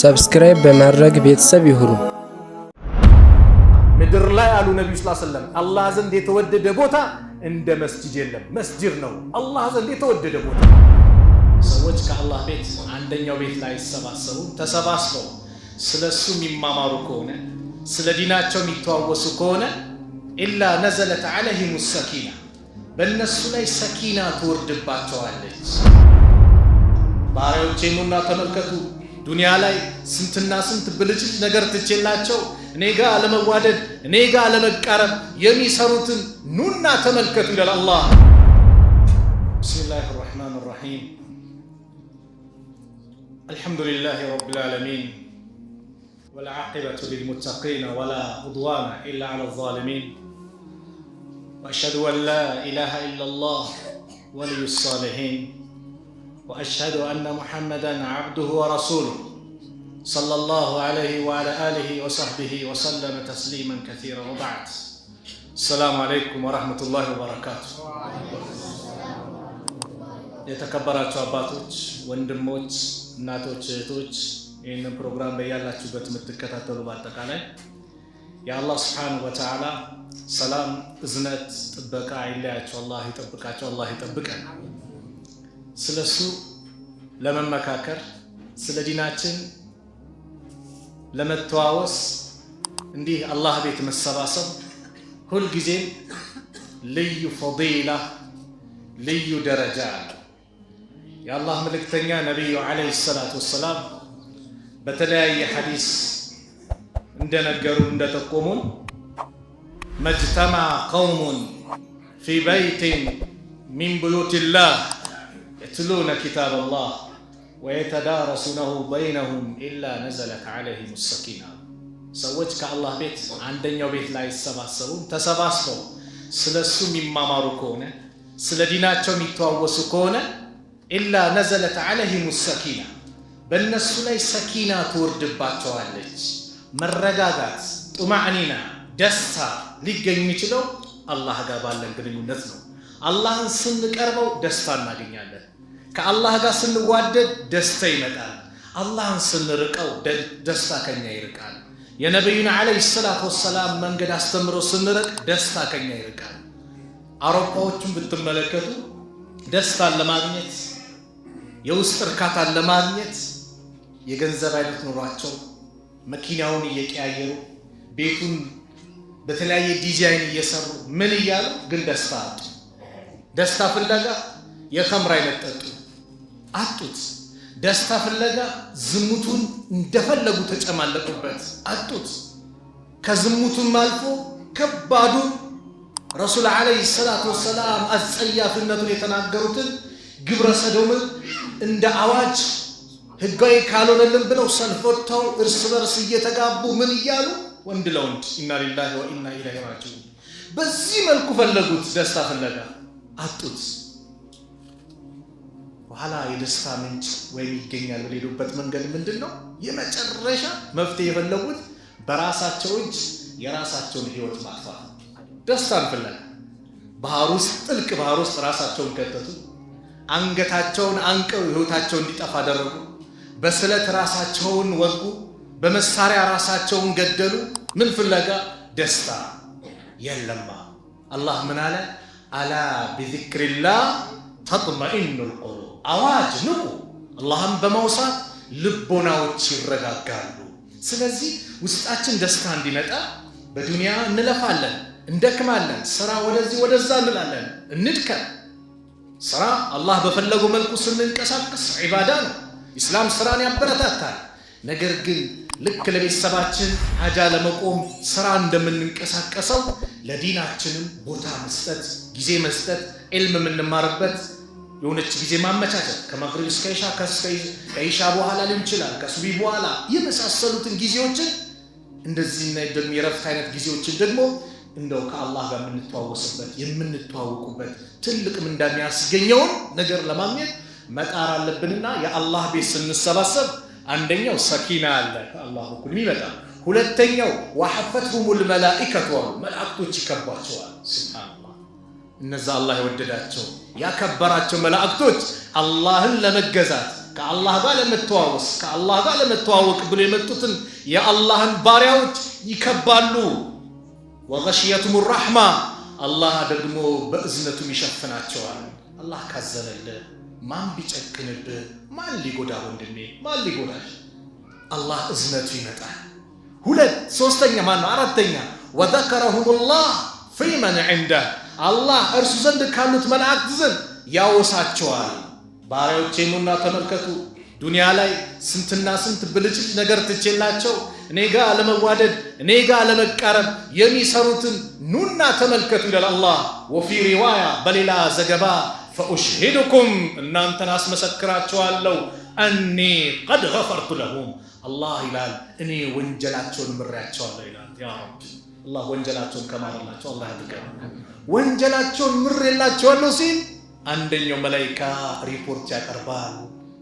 ሰብስክራይብ በማድረግ ቤተሰብ ይሁኑ። ምድር ላይ አሉ ነቢዩ ስ ሰለም አላህ ዘንድ የተወደደ ቦታ እንደ መስጅድ የለም። መስጅድ ነው አላህ ዘንድ የተወደደ ቦታ። ሰዎች ከአላህ ቤት አንደኛው ቤት ላይ ይሰባሰቡ። ተሰባስበው ስለ እሱ የሚማማሩ ከሆነ ስለ ዲናቸው የሚተዋወሱ ከሆነ ኢላ ነዘለት ዓለይሂሙ ሰኪና በእነሱ ላይ ሰኪና ትወርድባቸዋለች። ባሪያዎቼ ኑና ተመልከቱ፣ ዱንያ ላይ ስንትና ስንት ብልጭልጭ ነገር ትቼላቸው እኔ ጋ አለመዋደድ፣ እኔ ጋ አለመቃረብ የሚሰሩትን ኑና ተመልከቱ ይላል አላህ። ብስሚላህ ራህማን ራሒም አልሐምዱሊላህ ረብል ዓለሚን ወልዓቂበቱ ሊልሙተቂን ወላ ዑድዋና ኢላ ዓላ ዛሊሚን واشهد ان لا اله الا الله ولي الصالحين واشهد ان محمدا عبده ورسوله صلى الله عليه وعلى اله وصحبه وسلم تسليما كثيرا وبعد السلام عليكم ورحمه الله وبركاته የተከበራችሁ አባቶች ወንድሞች እናቶች እህቶች ይህንን ፕሮግራም በያላችሁበት የምትከታተሉ በአጠቃላይ የአላህ ስብሓነሁ ወተዓላ ሰላም፣ እዝነት፣ ጥበቃ አይለያቸው። አላህ ይጠብቃቸው፣ አላህ ይጠብቀን። ስለ እሱ ለመመካከር ስለ ዲናችን ለመተዋወስ እንዲህ አላህ ቤት መሰባሰብ ሁልጊዜም ልዩ ፈዲላ ልዩ ደረጃ አለው። የአላህ መልእክተኛ ነቢዩ ዓለይሂ ሰላቱ ወሰላም በተለያየ ሐዲስ እንደነገሩ እንደጠቆሙን መጅተማ ቀውሙን ፊ በይቲን ሚን ብዩቲላህ የትሉነ ኪታብ ላህ ወየተዳረሱነሁ በይነሁም ኢላ ነዘለት ዓለይህም ሰኪና። ሰዎች ከአላህ ቤት አንደኛው ቤት ላይ አይሰባሰቡም። ተሰባስበው ስለ እሱ የሚማማሩ ከሆነ ስለ ዲናቸው የሚተዋወሱ ከሆነ ኢላ ነዘለት ዓለይህም ሰኪና፣ በእነሱ ላይ ሰኪና ትወርድባቸዋለች። መረጋጋት፣ ጡማዕኒና ደስታ ሊገኝ የሚችለው አላህ ጋር ባለን ግንኙነት ነው። አላህን ስንቀርበው ደስታ እናገኛለን። ከአላህ ጋር ስንዋደድ ደስታ ይመጣል። አላህን ስንርቀው ደስታ ከኛ ይርቃል። የነቢዩን ዓለይሂ ሰላት ወሰላም መንገድ አስተምሮ ስንርቅ ደስታ ከኛ ይርቃል። አውሮፓዎቹን ብትመለከቱ ደስታን ለማግኘት የውስጥ እርካታን ለማግኘት የገንዘብ አይነት ኑሯቸው መኪናውን እየቀያየሩ ቤቱን በተለያየ ዲዛይን እየሰሩ ምን እያሉ ግን ደስታ አጡ። ደስታ ፍለጋ የከምር አይነት ጠጡ አጡት። ደስታ ፍለጋ ዝሙቱን እንደፈለጉ ተጨማለቁበት አጡት። ከዝሙቱም አልፎ ከባዱ ረሱል ዓለይሂ ሰላቱ ወሰላም አስጸያፍነቱን የተናገሩትን ግብረ ሰዶምን እንደ አዋጅ ህጋዊ ካልሆነልን ብለው ሰልፍ ወጥተው እርስ በርስ እየተጋቡ ምን እያሉ ወንድ ለወንድ ኢና ሊላሂ ወኢና ኢለይሂ ራጂዑን። በዚህ መልኩ ፈለጉት፣ ደስታ ፍለጋ አጡት። በኋላ የደስታ ምንጭ ወይም ይገኛል በሌሉበት መንገድ ምንድን ነው የመጨረሻ መፍትሄ የፈለጉት? በራሳቸው እጅ የራሳቸውን ህይወት ማጥፋት። ደስታን ፍለጋ ባህር ውስጥ ጥልቅ ባህር ውስጥ ራሳቸውን ከተቱ። አንገታቸውን አንቀው ህይወታቸው እንዲጠፋ አደረጉ። በስለት ራሳቸውን ወጉ፣ በመሳሪያ ራሳቸውን ገደሉ። ምን ፍለጋ? ደስታ የለማ። አላህ ምን አለ? አላ ቢዚክሪላህ ተጥመኢኑ ልቁሉ። አዋጅ ንቁ፣ አላህም በመውሳት ልቦናዎች ይረጋጋሉ። ስለዚህ ውስጣችን ደስታ እንዲመጣ በዱንያ እንለፋለን፣ እንደክማለን፣ ስራ ወደዚህ ወደዛ እንላለን፣ እንድከም ስራ አላህ በፈለገው መልኩ ስንንቀሳቀስ ዒባዳ ነው። ኢስላም ስራን ያበረታታል። ነገር ግን ልክ ለቤተሰባችን ሀጃ ለመቆም ስራ እንደምንንቀሳቀሰው ለዲናችንም ቦታ መስጠት፣ ጊዜ መስጠት፣ ዕልም የምንማርበት የሆነች ጊዜ ማመቻቸት ከመቅሪብ እስከ ኢሻ ከኢሻ በኋላ ሊሆን ይችላል፣ ከሱቢ በኋላ የመሳሰሉትን ጊዜዎችን እንደዚህ ደግሞ የረፍት አይነት ጊዜዎችን ደግሞ እንደው ከአላህ ጋር የምንተዋወስበት የምንተዋወቁበት ትልቅ ምንዳ የሚያስገኘውን ነገር ለማግኘት መጣር አለብንና የአላህ ቤት ስንሰባሰብ አንደኛው ሰኪና አለ አላህ በኩል የሚመጣ ሁለተኛው ወሐፈትሁሙል መላኢከቱ አሉ መላእክቶች ይከቧቸዋል። ሱብሃንአላህ እነዛ አላህ የወደዳቸው ያከበራቸው መላእክቶች አላህን ለመገዛት ከአላህ ጋር ለመተዋወስ ከአላህ ጋር ለመተዋወቅ ብሎ የመጡትን የአላህን ባሪያዎች ይከባሉ። ወገሽየቱም ራሕማ አላህ ደግሞ በእዝነቱም ይሸፍናቸዋል። አላህ ካዘነልህ ማን ቢጨክንብህ፣ ማን ሊጎዳ ወንድሜ፣ ማን ሊጎዳሽ? አላህ እዝነቱ ይመጣል። ሁለት ሶስተኛ ማን ነው? አራተኛ ወዘከረሁሙላህ ፊመን ዒንደህ አላህ እርሱ ዘንድ ካሉት መላእክት ዘንድ ያወሳቸዋል። ባሪያዎቼ ኑና ተመልከቱ። ዱንያ ላይ ስንትና ስንት ብልጭልጭ ነገር ትቼላቸው እኔ ጋ ለመዋደድ እኔ ጋ ለመቃረብ የሚሰሩትን ኑና ተመልከቱ ይላል አላህ። ወፊ ሪዋያ በሌላ ዘገባ ፈኡሽሂዱኩም እናንተን አስመሰክራቸዋለሁ እኒ ቀድ ገፈርቱ ለሁም አላህ ይላል እኔ ወንጀላቸውን ምሬያቸዋለሁ ይላል ያ ረብ አላህ ወንጀላቸውን ከማረላቸው አላህ ያድርገን ወንጀላቸውን ምሬላቸዋለሁ ሲል አንደኛው መላይካ ሪፖርት ያቀርባል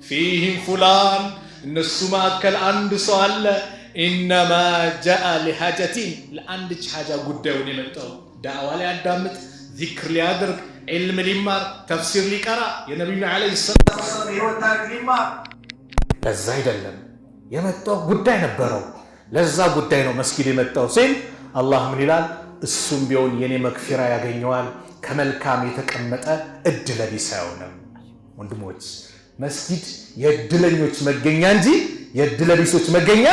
ፊህም ፉላን እነሱ መካከል አንድ ሰው አለ ኢነማ ጃአ ሊሀጀቲን ለአንድች ሀጃ ጉዳዩን የመጣው ዳዕዋ ላይ አዳምጥ ዚክር ሊያደርግ ዕልም ሊማር ተፍሲር ሊቀራ የነቢዩ ዓለይሂ ሰላም የሕይወት ታሪክ ሊማር ለዛ አይደለም የመጣው ጉዳይ ነበረው። ለዛ ጉዳይ ነው መስጊድ የመጣው ሲል አላህ ምን ይላል? እሱም ቢሆን የኔ መክፊራ ያገኘዋል ከመልካም የተቀመጠ እድለቢስ አይሆንም። ወንድሞች መስጊድ የእድለኞች መገኛ እንጂ ለቢሶች መገኛ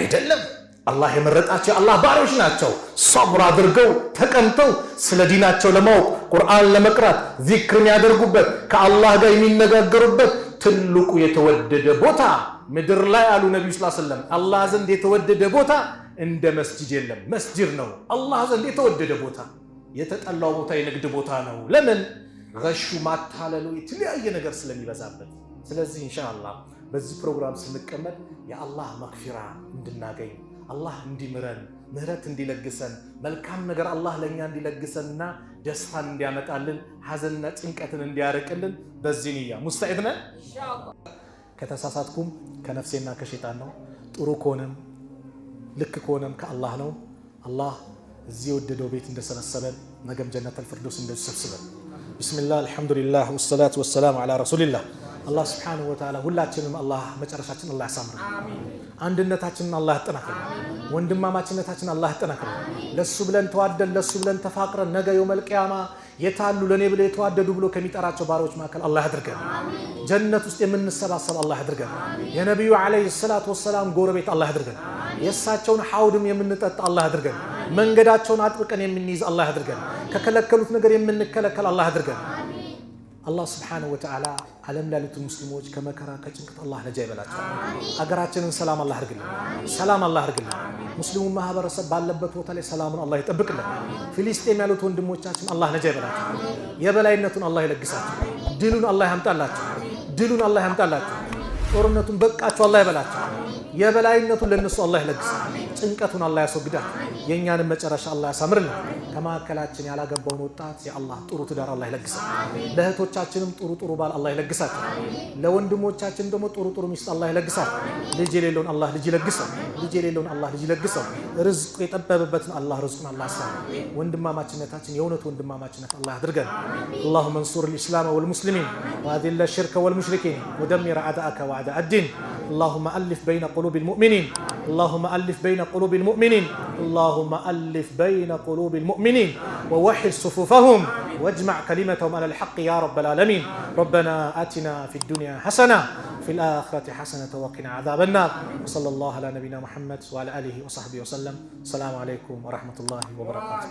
አይደለም። አላህ የመረጣቸው የአላህ ባሪያዎች ናቸው። ሰብር አድርገው ተቀምጠው ስለ ዲናቸው ለማወቅ ቁርአን ለመቅራት ዚክርን ያደርጉበት ከአላህ ጋር የሚነጋገሩበት ትልቁ የተወደደ ቦታ ምድር ላይ አሉ ነቢዩ ስ ሰለም አላህ ዘንድ የተወደደ ቦታ እንደ መስጅድ የለም። መስጅድ ነው አላህ ዘንድ የተወደደ ቦታ። የተጠላው ቦታ የንግድ ቦታ ነው። ለምን ረሹ ማታለሉ የተለያየ ነገር ስለሚበዛበት። ስለዚህ ኢንሻ አላህ በዚህ ፕሮግራም ስንቀመጥ የአላህ መክፊራ እንድናገኝ አላህ እንዲምረን ምህረት እንዲለግሰን መልካም ነገር አላህ ለእኛ እንዲለግሰንና ደስታን እንዲያመጣልን ሐዘንና ጭንቀትን እንዲያርቅልን በዚህ ንያ ሙስተዒድ ነን። ከተሳሳትኩም ከነፍሴና ከሸይጣን ነው። ጥሩ ከሆነም ልክ ከሆነም ከአላህ ነው። አላህ እዚህ የወደደው ቤት እንደሰበሰበን ነገም ጀነተል ፊርደውስ እንደሰብስበን። ቢስሚላህ አልሐምዱሊላህ ወሰላቱ ወሰላም ዓላ ረሱሊላህ። አላህ ስብሓነሁ ወተዓላ ሁላችንም አላህ መጨረሻችን አላህ ያሳምረን። አንድነታችንን አላህ ያጠናክረው። ወንድማማችነታችን አላህ ያጠናክረው። ለሱ ብለን ተዋደን ለሱ ብለን ተፋቅረን ነገ የውመል ቂያማ የታሉ ለእኔ ብለው የተዋደዱ ብሎ ከሚጠራቸው ባሮች መካከል አላህ ያድርገን። ጀነት ውስጥ የምንሰባሰብ አላህ ያድርገን። የነቢዩ ዓለይሂ ሰላቱ ወሰላም ጎረቤት አላህ ያድርገን። የእሳቸውን ሐውድም የምንጠጣ አላህ ያድርገን። መንገዳቸውን አጥብቀን የምንይዝ አላህ ያድርገን። ከከለከሉት ነገር የምንከለከል አላህ ያድርገን። አላህ ስብሓነሁ ወተዓላ ዓለም ላሉት ሙስሊሞች ከመከራ ከጭንቀት አላህ ነጃ ይበላቸዋል። አገራችንን ሰላም አላህ አድርግልን፣ ሰላም አላህ አድርግልን። ሙስሊሙን ማህበረሰብ ባለበት ቦታ ላይ ሰላሙን አላህ ይጠብቅልን። ፊሊስጤም ያሉት ወንድሞቻችን አላህ ነጃ ይበላቸው፣ የበላይነቱን አላህ ይለግሳቸው፣ ድሉን አላህ ያምጣላቸው፣ ድሉን አላህ ያምጣላቸው። ጦርነቱን በቃቸው አላህ ይበላቸው፣ የበላይነቱን ለነሱ አላህ ይለግሳል። ጭንቀቱን አላህ ያስወግዳል። የእኛንም መጨረሻ አላህ ያሳምርልን። ከመካከላችን ያላገባውን ወጣት የአላህ ጥሩ ትዳር አላህ ይለግሳል። ለእህቶቻችንም ጥሩ ጥሩ ባል አላህ ይለግሳል። ለወንድሞቻችን ደግሞ ጥሩ ጥሩ ሚስት አላህ ይለግሳል። ልጅ የሌለውን አላህ ልጅ ይለግሰው። ልጅ የሌለውን አላህ ልጅ ይለግሰው። ርዝቁ የጠበበበትን አላህ ርዝቁን አላህ ያስፋ። ወንድማማችነታችን የእውነት ወንድማማችነት አላህ ያድርገን። አላሁመ እንሱር ልእስላም ወልሙስሊሚን ወአዚለ ሽርከ ወልሙሽሪኪን ወደሚር አዳአከ ወአዳ አዲን አላሁመ አሊፍ በይነ ቁሉብ ልሙእሚኒን اللهم ألف بين قلوب المؤمنين اللهم ألف بين قلوب المؤمنين ووحد صفوفهم واجمع كلمتهم على الحق يا رب العالمين ربنا آتنا في الدنيا حسنة في الآخرة حسنة وقنا عذاب النار وصلى الله على نبينا محمد وعلى آله وصحبه وسلم السلام عليكم ورحمة الله وبركاته